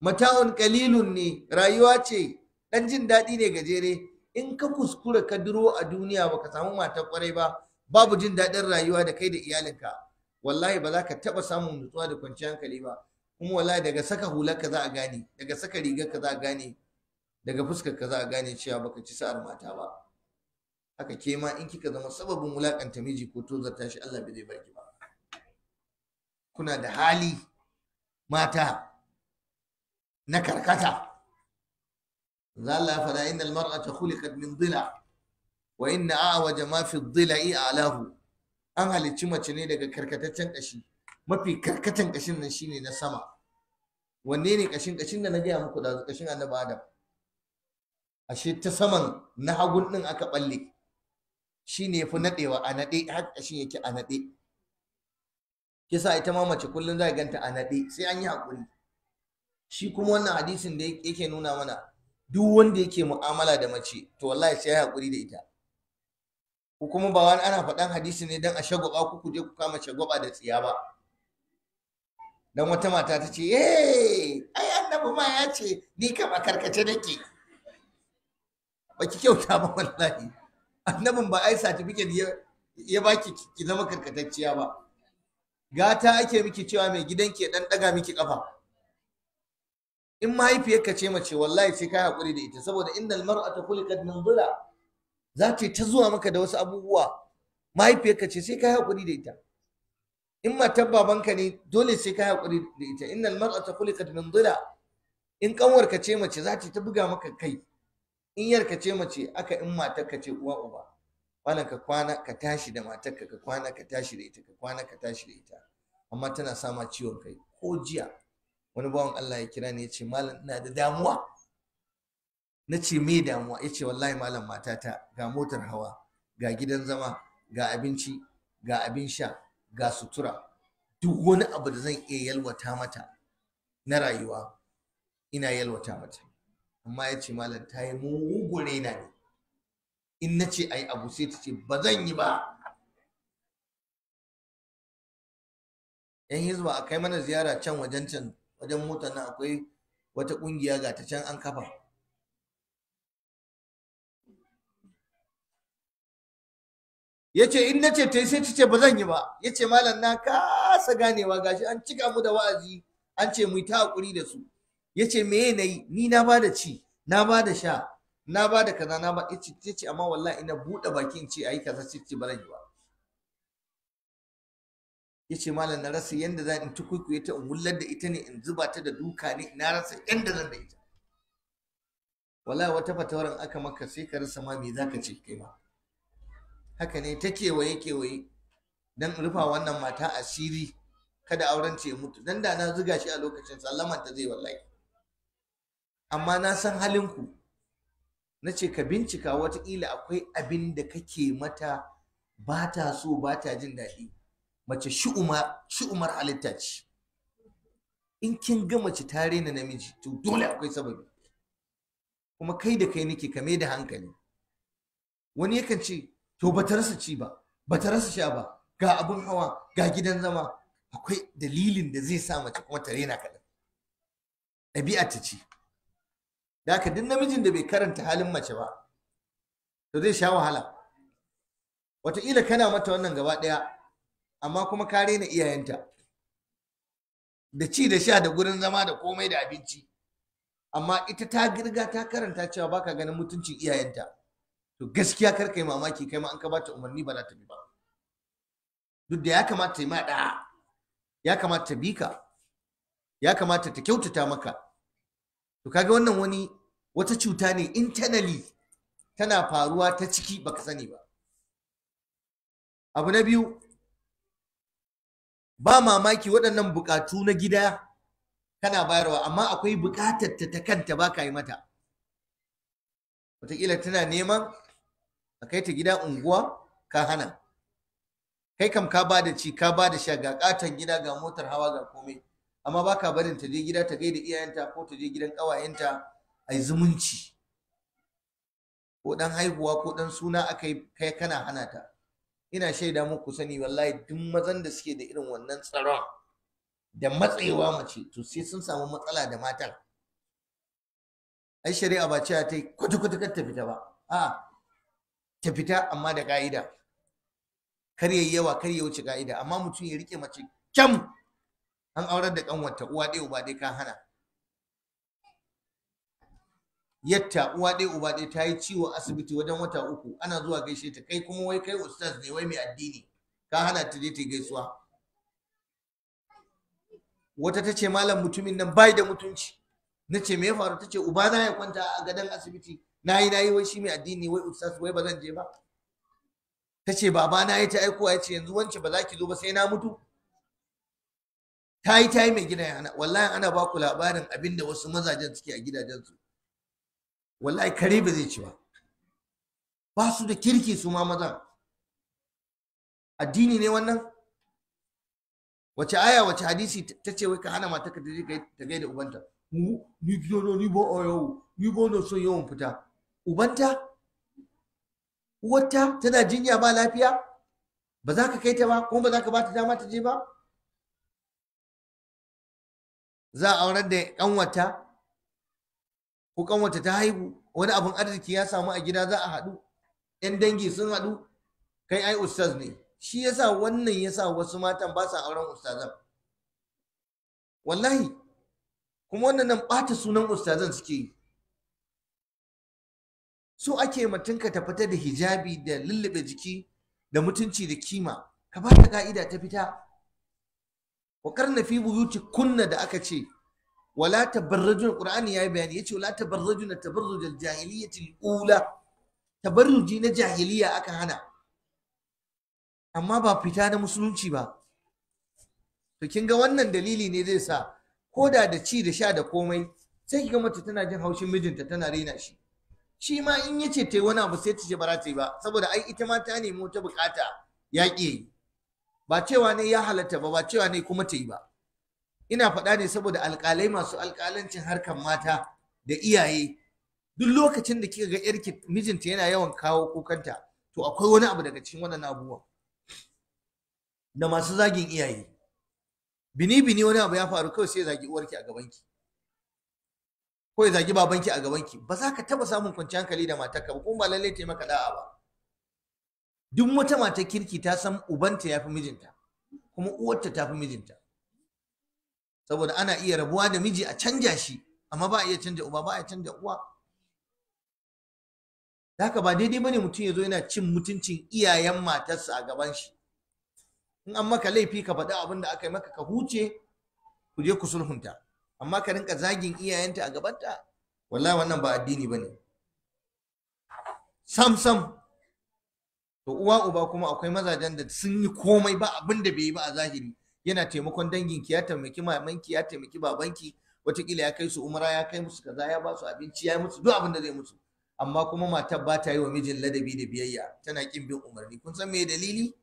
mata'un kalilun ne rayuwa ce dan jin daɗi ne gajere in ka kuskura ka duro a duniya baka samu mata kwarai ba babu jin daɗin rayuwa da kai da iyalinka wallahi ba za ka taɓa samun nutsuwa da kwanciyar hankali ba kuma wallahi daga saka hularka za a gane daga saka rigarka za a gane daga fuskarka za a gane cewa baka ci sa'ar mata ba haka ke ma in kika zama sababin wulakanta miji ko tozarta shi Allah bai zai baki ba kuna da hali mata na karkata za Allah ya fada innal mar'ata khuliqat min dhila wa inna a'waja ma fi dhila'i a'lahu an halicci mace ne daga karkataccen kashi mafi karkatan kashin nan shine na sama wanne ne kashin kashin da na gaya muku da kashin annabi adam ashe ta saman na hagun din aka balle shi ne fi naɗewa a naɗe har ƙashin yake a naɗe kisa ita ma mace kullum za ganta a naɗe sai an yi haƙuri shi kuma wannan hadisin da yake nuna mana duk wanda yake mu'amala da mace to wallahi sai ya hakuri da ita Ku kuma ba wani ana faɗan hadisi ne don a shagwaba ku ku je ku kama shagwaba da tsiya ba dan wata mata ta ce eh ai annabi ma ya ce ni kama karkace nake baki kyauta ba wallahi annabin ba ai certificate ya baki ki zama karkatacciya ba gata ake miki cewa mai gidan ke dan daga miki kafa in mahaifiyarka ce mace wallahi sai kai hakuri da ita saboda innal mar'ata khuliqat min dhila za ta ta zuwa maka da wasu abubuwa mahaifiyarka ce sai kai hakuri da ita in matar babanka ne dole sai kai hakuri da ita innal mar'ata khuliqat min dhila in kanwarka ce mace za ta buga maka kai in yarka ce mace aka in matarka ce uwa uba Wannan ka kwana ka tashi da matarka ka kwana ka tashi da ita ka kwana ka tashi da ita amma tana sama ciwon kai ko jiya wani bawan Allah ya kira ni ya ce malam ina da damuwa na ce me damuwa ya ce wallahi malam matata ga motar hawa ga gidan zama ga abinci ga abin sha ga sutura duk wani abu da zan iya yalwata mata na rayuwa ina yalwata mata amma ya ce malam ta yi mugure na ne in na ce ai abu sai ta ce ba zan yi ba yan hizba a kai mana ziyara can wajen can wajen motar nan akwai wata kungiya ga ta can an kafa ya ce in na ce ta yi sai ta ce ba zan yi ba ya ce malam na kasa ganewa gashi an cika mu da wa'azi an ce mu yi ta da su ya ce me ne yi ni na ba da ci na ba da sha na ba da kaza na ba ci ce amma wallahi ina buɗe bakin ce a yi kaza ce ce ba zan ba ya ce malam na rasa yadda za in tukukuye ta in wullar da ita ne in zuba ta da duka ne na rasa yadda zan da ita wallahi wata fatawaran aka maka sai ka rasa ma me zaka ce kai ma haka ne ta kewaye kewaye dan rufa wannan mata asiri kada auren ce mutu dan da na zuga shi a lokacin sallaman ta zai wallahi amma na san halinku na ce ka bincika watakila akwai abin da kake mata ba ta so ba ta jin daɗi mace shi'umar halitta ce in kin ga mace tare na namiji to dole akwai sababi kuma kai da kai nake kame da hankali wani yakan ce to ba ta rasa ci ba ba ta rasa sha ba ga abin hawa ga gidan zama akwai dalilin da zai sa mace kuma ta rena kaɗan ɗabi'a ta ce da haka duk namijin da bai karanta halin mace ba to zai sha wahala wataƙila kana mata wannan gaba ɗaya amma kuma ka rena iyayenta da ci da sha da gurin zama da komai da abinci amma ita ta girga ta karanta cewa baka ganin mutuncin iyayenta to gaskiya kar yi mamaki kai ma an ka bata umarni ba za ta bi ba duk da ya kamata ta yi ma ɗaya ya kamata ta bi ka ya kamata ta kyautata maka to kaga wannan wani wata cuta ne internally tana faruwa ta ciki baka sani ba abu na biyu ba mamaki waɗannan buƙatu na gida kana bayarwa amma akwai buƙatar ta ta kanta ba ka yi mata wataƙila tana neman a kai ta gida unguwa ka hana kai kam ka bada ci ka bada sha ga katon gida ga motar hawa ga komai amma baka barin ta je gida ta gaida iyayenta ko ta je gidan ƙawayenta a zumunci ko dan haihuwa ko dan suna aka yi kai kana hana ta ina shaida muku sani wallahi duk mazan da suke da irin wannan tsaron da matsayewa mace to sai sun samu matsala da matan ai shari'a ba ce ta yi kwata-kwata kar ta fita ba a ta fita amma da ka'ida kar yi yawa kar ya wuce ka'ida amma mutum ya rike mace kyam an aurar da kanwata uwa ɗaya uba dai ka hana yatta uwa ɗaya uba ɗaya ta yi ciwo asibiti wajen wata uku ana zuwa gaishe ta kai kuma wai kai ustaz ne wai mai addini ka hana ta je ta gaisuwa wata ta ce malam mutumin nan bai da mutunci na ce me ya faru ta ce uba na ya kwanta a gadon asibiti na yi na yi wai shi mai addini wai ustaz wai ba zan je ba ta ce baba na ya ta aikowa ya ce yanzu wance ba za ki zo ba sai na mutu ta yi ta yi mai gina ya wallahi ana ba ku labarin abinda wasu mazajen suke a gidajensu wallahi kare ba zai ci ba ba su da kirki su ma maza addini ne wannan wace aya wace hadisi ta ce wai ka hana mata ka ta gaida ubanta ni biyo ni bo oyo oh, ni bo na son yawan fita ubanta uwarta tana jinya ba lafiya ba za ka kai ta ba kuma ba za ka ba ta dama ta je ba za a aurar da kanwata ko kanwata ta haihu wani abin arziki ya samu a gida za a haɗu yan dangi sun haɗu kai ai ustaz ne shi yasa wannan yasa wasu matan ba sa auren ustazan wallahi kuma wannan nan ɓata sunan ustazan suke yi so ake mutunka ta fita da hijabi da lullube jiki da mutunci da kima ka ba ta ka'ida ta fita wa karna fi buyuti kunna da aka ce wala tabarrajun qur'ani yayi bayani yace wala tabarrajun tabarrujal jahiliyatil ula tabarruji na jahiliya aka hana amma ba fita na musulunci ba to kin ga wannan dalili ne zai sa ko da da ci da sha da komai sai ki ga tana jin haushin mijinta tana raina shi shi ma in yace ce ta yi wani abu sai ta ce ba ta yi ba saboda ai ita ma ta nemo ta bukata ya ƙi ba cewa ne ya halatta ba ba cewa ne kuma ta yi ba ina faɗa ne saboda alƙalai masu alƙalancin harkar mata da iyaye duk lokacin da kika ga yarki mijinta yana yawan kawo kukanta to akwai wani abu daga cikin wannan abubuwan da masu zagin iyaye bini bini wani abu ya faru kawai sai zagi uwarki a gabanki ko ya zagi babanki a gabanki ba za ka taba samun kwanciyar hankali da matarka ba kuma ba lallai ta yi maka da'a ba duk wata matar kirki ta san ubanta ya fi mijinta kuma uwarta ta fi mijinta saboda ana iya rabuwa da miji a canja shi amma ba a iya canja uba ba a canja uwa haka ba daidai bane mutum ya zo yana cin mutuncin iyayen matarsa a gaban shi in an maka laifi ka faɗi abin da aka yi maka ka huce ku je ku sulhunta amma ka rinka zagin iyayenta a gabanta wallahi wannan ba addini bane sam sam to uwa uba kuma akwai mazajen da sun yi komai ba abin da bai yi ba a zahiri yana taimakon danginki ya taimaki mamanki ya taimaki babanki watakila ya kai su umara ya kai musu kaza ya ba su abinci ya musu duk abin da zai musu amma kuma matar ba ta yi wa mijin ladabi da biyayya tana kin bin umarni kun san me dalili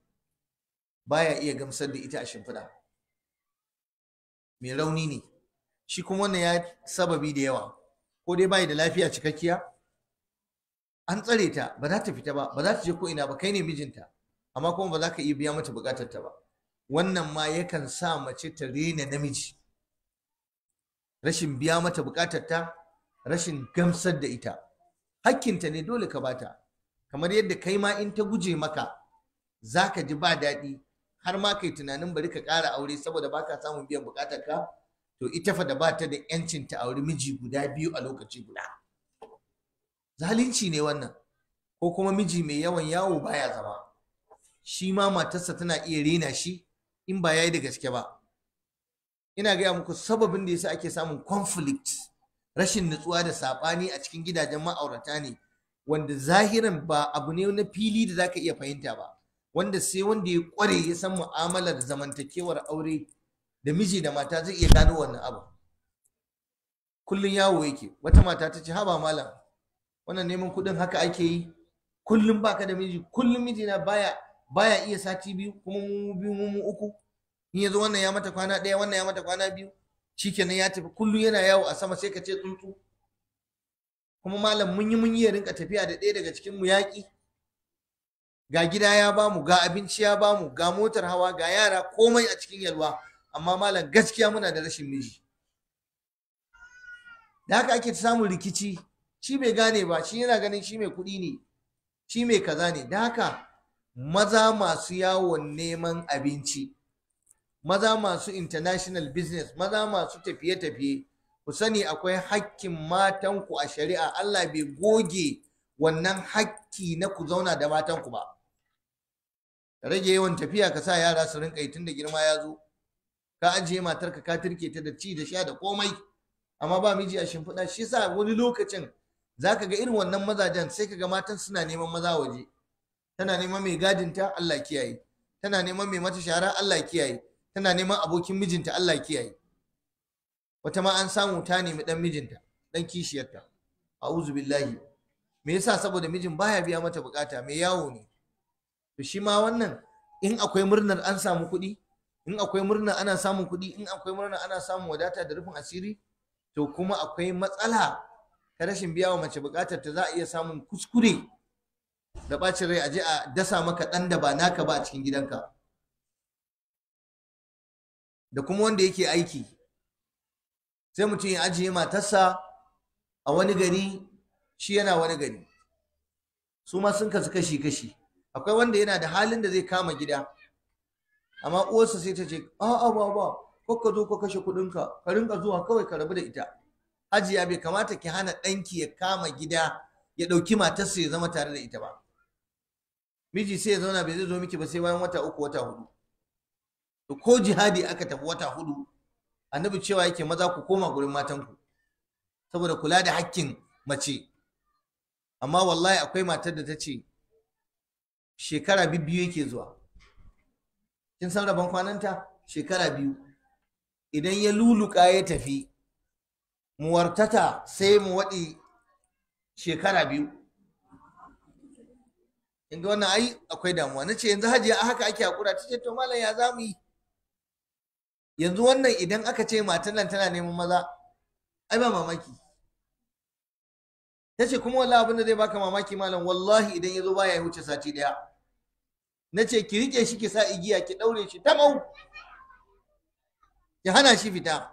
baya iya gamsar da ita a shimfiɗa mai rauni ne shi kuma wannan ya sababi da yawa ko dai bai da lafiya cikakkiya an tsare ta ba za ta fita ba ba za ta je ko ina ba kai ne mijinta amma kuma ba za ka iya biya mata bukatar ta ba wannan ma yakan sa mace ta rena namiji rashin biya mata ta, rashin gamsar da ita hakkinta ne dole ka bata kamar yadda kai ma in ta guje maka za ka ji ba daɗi har ma kai tunanin bari ka ƙara aure saboda ba ka samun biyan ka, to ita fa da bata da yancin ta auri miji guda biyu a lokaci guda zalunci ne wannan ko kuma miji mai yawan yawo baya zama shi ma matarsa tana iya rena shi in ba ya yi da gaske ba ina gaya muku sababin da yasa ake samun conflict rashin nutsuwa da saɓani a cikin gidajen ma'aurata ne wanda zahiran ba abu ne na fili da zaka iya fahimta ba wanda sai wanda ya kware ya san mu'amalar zamantakewar aure da miji da mata zai iya gano wannan abu kullum yawo yake wata mata ta ce haba malam wannan neman kuɗin haka ake yi kullum baka da miji kullum miji na baya baya iya sati biyu kuma mu biyu mu uku in yazo wannan ya mata kwana ɗaya wannan ya mata kwana biyu shikenan ya tafi kullum yana yawo a sama sai ka ce tsuntsu kuma malam mun yi mun yi ya rinka tafiya da ɗaya daga cikin mu yaƙi ga gida ya bamu ga abinci ya bamu ga motar hawa ga yara komai a cikin yalwa amma malam gaskiya muna da rashin miji da haka ake samun rikici shi bai gane ba shi yana ganin shi mai kuɗi ne shi mai kaza ne da haka maza masu yawon neman abinci maza masu international business maza masu tafiye-tafiye ku sani akwai hakkin matanku a shari'a Allah bai goge wannan hakki na ku zauna da matanku ba rage yawan tafiya ka sa yara su rinka yi da girma ya zo ka ajiye matarka ka turke ta da ci da sha da komai amma ba miji a shimfiɗa shi sa wani lokacin za ka ga irin wannan mazajen sai ka ga matan suna neman maza waje tana neman mai gadinta Allah kiyaye tana neman mai mata shara Allah kiyaye tana neman abokin mijinta Allah kiyaye wata ma an samu ta nemi dan mijinta dan kishiyarta a'udhu billahi me yasa saboda mijin baya biya mata bukata Mai yawo ne to shi ma wannan in akwai murnar an samu kuɗi in akwai murna ana samun kuɗi in akwai murna ana samun wadata da rufin asiri to kuma akwai matsala ta rashin biya wa mace bukatar ta za a iya samun kuskure da ɓacin rai a je a dasa maka ɗan da ba naka ba a cikin gidanka da kuma wanda yake aiki sai mutum ya ajiye matarsa a wani gari shi yana wani gari su ma sun kasu kashi-kashi akwai wanda yana da halin da zai kama gida amma uwarsa sai ta ce a ba ba ko ka zo ka kashe kuɗinka ka rinka zuwa kawai ka rabu da ita Ajiya bai kamata ki hana ɗanki ya kama gida ya ɗauki matarsa ya zama tare da ita ba miji sai ya zauna bai zai zo miki ba sai bayan wata uku wata hudu to ko jihadi aka tafi wata hudu annabi cewa yake maza ku koma gurin matanku saboda kula da hakkin mace amma wallahi akwai matar da ta ce shekara biyu yake zuwa kin san rabon kwananta shekara biyu idan ya luluka ya tafi muwartata sai mu waɗi shekara biyu Yanzu ga wannan ai akwai damuwa Na ce yanzu hajiya a haka ake hakura ce to malam ya za mu yi yanzu wannan idan aka ce matan nan tana neman maza ai ba mamaki ce kuma wallahi abin da zai baka mamaki malam wallahi idan ya zo baya wuce sati daya ce ki rike shi ki sa igiya ki daure shi tamau ki hana shi fita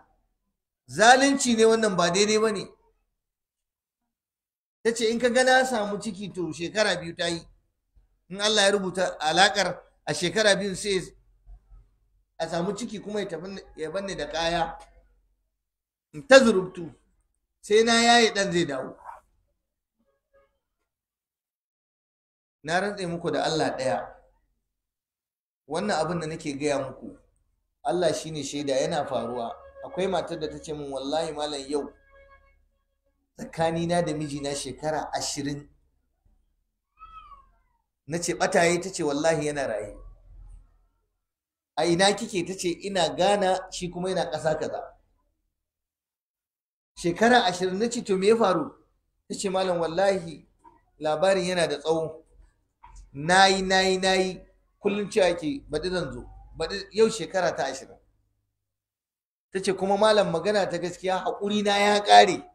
zalunci ne wannan ba daidai Ta ce in ka ga na samu ciki to shekara biyu ta yi in Allah ya rubuta alakar a shekara biyu sai a samu ciki kuma ya banne da kaya in ta zurubtu sai na yaye dan zai dawo na rantse muku da Allah ɗaya wannan abin da nake gaya muku Allah shine shaida yana faruwa akwai matar da ta ce min wallahi malam yau tsakanina da mijina shekara ashirin na ce ɓataye ta ce wallahi yana raye a ina kike ta ce ina gana shi kuma yana ƙasa kaza shekara ashirin na ce to me ya faru ta ce malam wallahi labarin yana da tsawo nayi nayi nayi kullum cewa ke baɗi zan zo yau shekara ta ashirin ta ce kuma malam magana ta gaskiya haƙuri na ya ƙare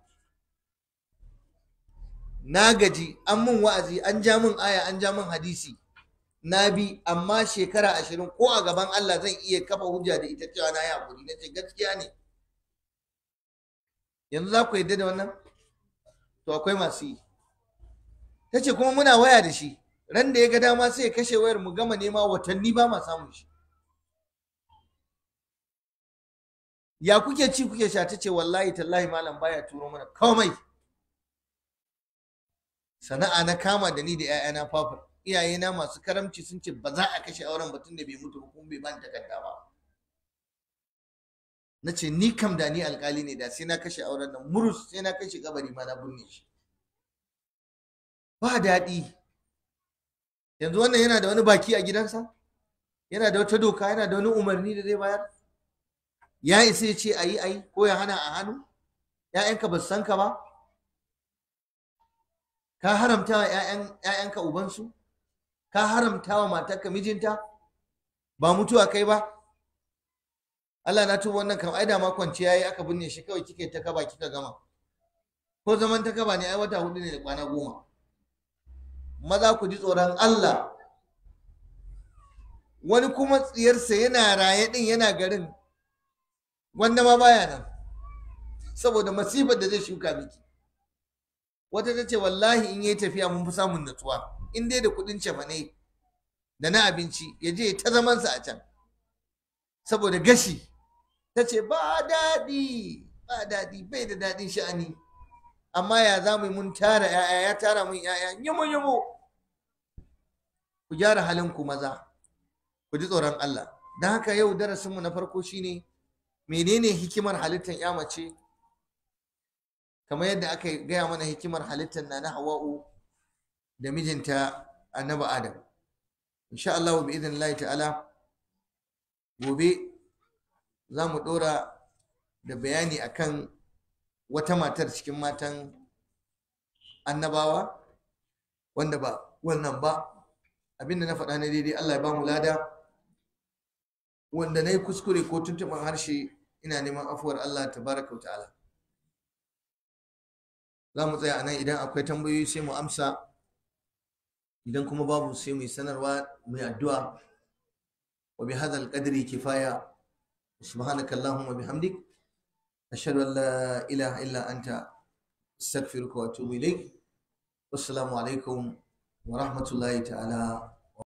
na gaji an mun wa'azi an ja mun aya an ja mun hadisi na bi amma shekara ashirin ko a gaban Allah zan iya kafa hujja da ita cewa na yi hakuri na ce gaskiya ne yanzu za ku yadda da wannan to akwai masu yi ta ce kuma muna waya da shi ran da ya ga dama sai ya kashe wayar mu gama nema watanni ba ma samun shi ya kuke ci kuke sha ta ce wallahi tallahi malam baya turo mana komai sana'a na kama da ni da 'ya'yana fafur iyayena masu karamci sun ce ba za a kashe auren batun da bai mutu ba kuma bai bani takarda ba na ce ni kam da ni alkali ne da sai na kashe auren nan murus sai na kashe kabari ma na burne shi ba daɗi yanzu wannan yana da wani baki a gidansa yana da wata doka yana da wani umarni da zai bayar ya isa ya ce ayi ayi ko ya hana a hannu ya'yanka ba su san ka ba ka haramta wa ‘ya'yanka ubansu ka haramta wa matarka mijinta ba mutuwa kai ba Allah na tuba wannan kam ai da ma ya yi aka binne shi kawai kike ta kaba kika gama ko zaman ta kaba ne ai wata hudu ne da kwana goma maza ku ji tsoron Allah wani kuma tsiyarsa yana raye din yana garin wanda ma baya nan saboda masifar da zai shuka miki wata ta ce wallahi in yi tafiya mun fi samun natsuwa in dai da kuɗin cefane da na abinci ya je ta zamansa a can saboda gashi ta ce ba daɗi ba daɗi bai da daɗin sha'ani amma ya za mu mun tara ya'ya ya tara mun ya'ya yi mu? ku gyara halin ku maza ku ji tsoron Allah don haka yau darasinmu na farko shine menene hikimar halittar ya mace kamar yadda aka gaya mana hikimar halittar na na hawa'u da mijinta annabi adam insha Allah wa idin Allah ta'ala gobe za mu ɗora da bayani akan wata matar cikin matan annabawa wanda ba wannan ba abinda na faɗa na daidai Allah ya ba mu lada wanda na yi kuskure ko tuntuɓin harshe ina neman afuwar Allah tabaraka wa ta'ala za mu tsaya anan nan idan akwai tambayoyi sai mu amsa idan kuma babu sai mu yi sanarwa mai addu'a wa bi hadal qadri kifaya subhanaka allahumma bihamdik ashhadu an la ilaha illa anta astaghfiruka wa atubu ilaik wassalamu alaikum wa rahmatullahi ta'ala